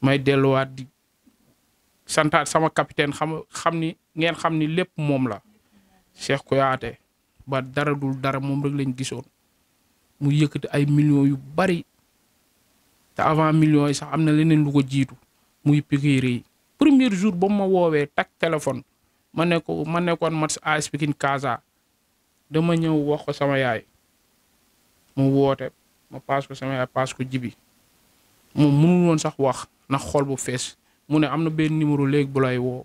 may delluwaat di santaat sama capitaine xam xam ni ngeen xam ni lépp moom la Cheikh Kouyaté ba dara dul dara moom rek lañ gisoon mu yëkkati ay millions yu bari te avant millions yi sax am na leneen lu ko jiitu muy piqûre yi premier jour ba ma woowee takk téléphone ma ma nekkoon match AS Pikine Casa dama ñëw wax ko sama yaay mu woote ma paas ko sama yaay paas jibi moom mënul woon sax wax ndax xool bu fees mu ne am na benn numéro léegi bulay lay woo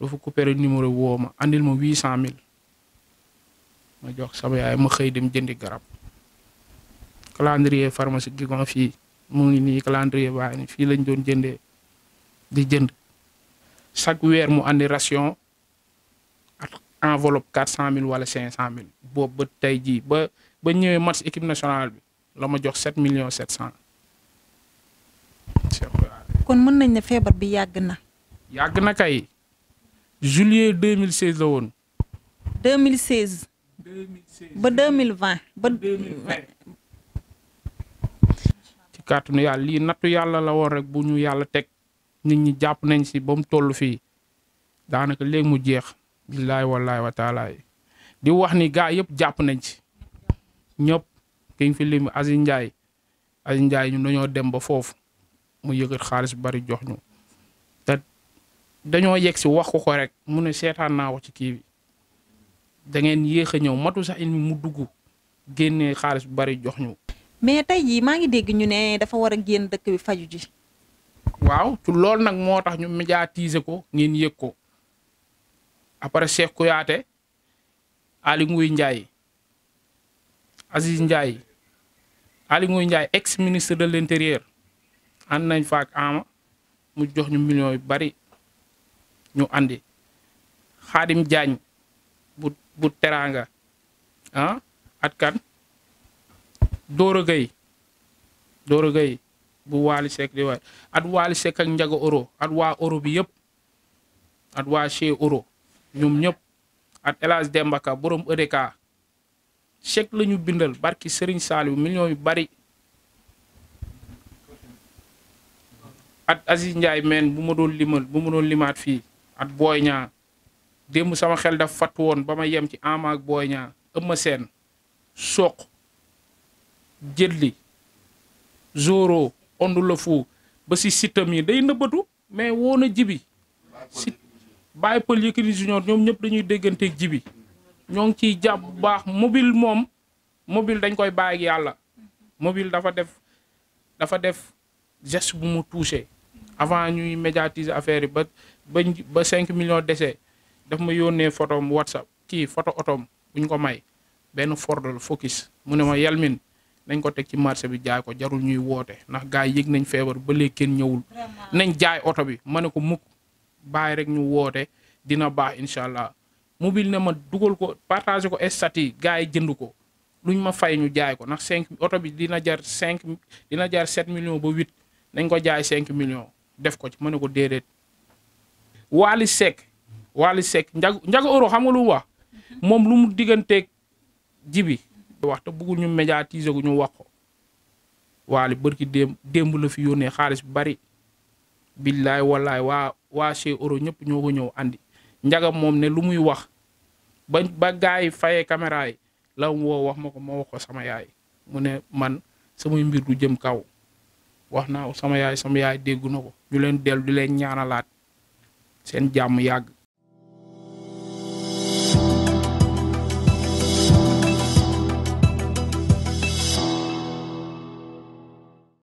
dafa coupé numéro woo ma andil ma huit cent mille ma jox sama yaay ma xëy dem jëndi garab calendrier pharmacie Guigon fii mu ngi nii calendrier baa ni fii lañ doon jëndee di jënd chaque weer mu andi ration ak enveloppe quatre cent mille wala cinq cent mille boobu ba tey jii ba ba ñëwee match équipe nationale bi la ma jox sept million sept cent kon mën nañ ne feebar bi yàgg na. yàgg na kay. juillet 2016 la woon. 2016. 2016 ba 2020 ba. 2020. yàlla lii nattu yàlla la woon rek bu ñu yàlla teg nit ñi jàpp nañ si ba mu toll fii daanaka léegi mu jeex. billaay wallaay wa taala di wax ni gaa yëpp jàpp nañ ci ñëpp ki fi lim Aziz Ndiaye Aziz njaay ñu nañoo dem ba foofu. mu yëkkat xaalis bari jox ñu te dañoo yegg si wax ko ko rek mu ne seetaan naa ko ci kii bi da ngeen yéex a ñëw matu sax in mu dugg génnee xaalis bu bari jox ñu. mais tey jii maa ngi dégg ñu ne dafa war a génn dëkk bi faju ji. waaw ci loolu nag moo tax ñu médiatiser ko ngeen yëg ko après Cheikh yaate Ali Nguy njaay Aziz Ndiaye Ali Nguy Ndiaye ex ministre de l' ànd nañ fa ak mu jox ñu millions yu bari ñu andi Xaadim Jaañ bu bu teraanga ah at kan Doro Gueye Doro Gueye bu Waali Seck di waay at Waali Seck ak Njaga Euro at waa Euro bi yëpp at waa Chez Euro ñoom ñëpp at El Hadj Dembaka borom EDK chèque lañu bindal barki Serigne Saliou million yu bari at Aziz Ndiaye meen bu ma doon limal bu ma limaat fii at Boy Niang démb sama xel daf fatt woon ba ma yem ci Ama ak Boy Niang Eumeu Sène Sokh Jëlli Zoro Ondu la fu ba si sitam day nëbbatu mais woon a jibi si bàyyi pël Yékini Junior ñoom ñëpp dañuy dégganteeg jibi ñoo ngi ciy jàpp bu baax mobile moom mobile dañ koy baay yàlla mobile dafa def dafa def geste bu mu touché avant ñuy médiatiser affaire yi ba bañ ba cinq millions décès daf ma yónnee photo am whatsapp kii photo otoom bu ko may benn Ford la Focus mu ne ma Yelmine nañ ko teg ci marché bi jaay ko jarul ñuy woote ndax gars yi yëg nañ feebar ba léegi kenn ñëwul nañ jaay oto bi ma ne ko mukk bàyyi rek ñu woote dina baax incha allah mobile ne ma dugal ko partagé ko stat yi gars yi jënd ko luñ ma fay ñu jaay ko nax cinq oto bi dina jar cinq dina jar sept millions ba huit nañ ko jaay cinq millions def ko ci ma ne ko déedéet Waly Seck Waly Seck njag njaga euro xam nga lu wax moom lu mu digganteeg jibi wax te bëggul ñu médiatiser gu ñu wax ko Waly bërki démb démb la fi yónnee xaalis bu bari billaay wallaay waa waa chez euro ñëpp ñëw andi njaga moom ne lu muy wax ba ba gars yi fayee caméra yi la mu wax ma ko ma wax sama yaay mu ne man samay mbir du jëm kaw wax naa ko sama yaay sama yaay na ko ñu leen dellu di leen ñaanalaat seen jàmm yàgg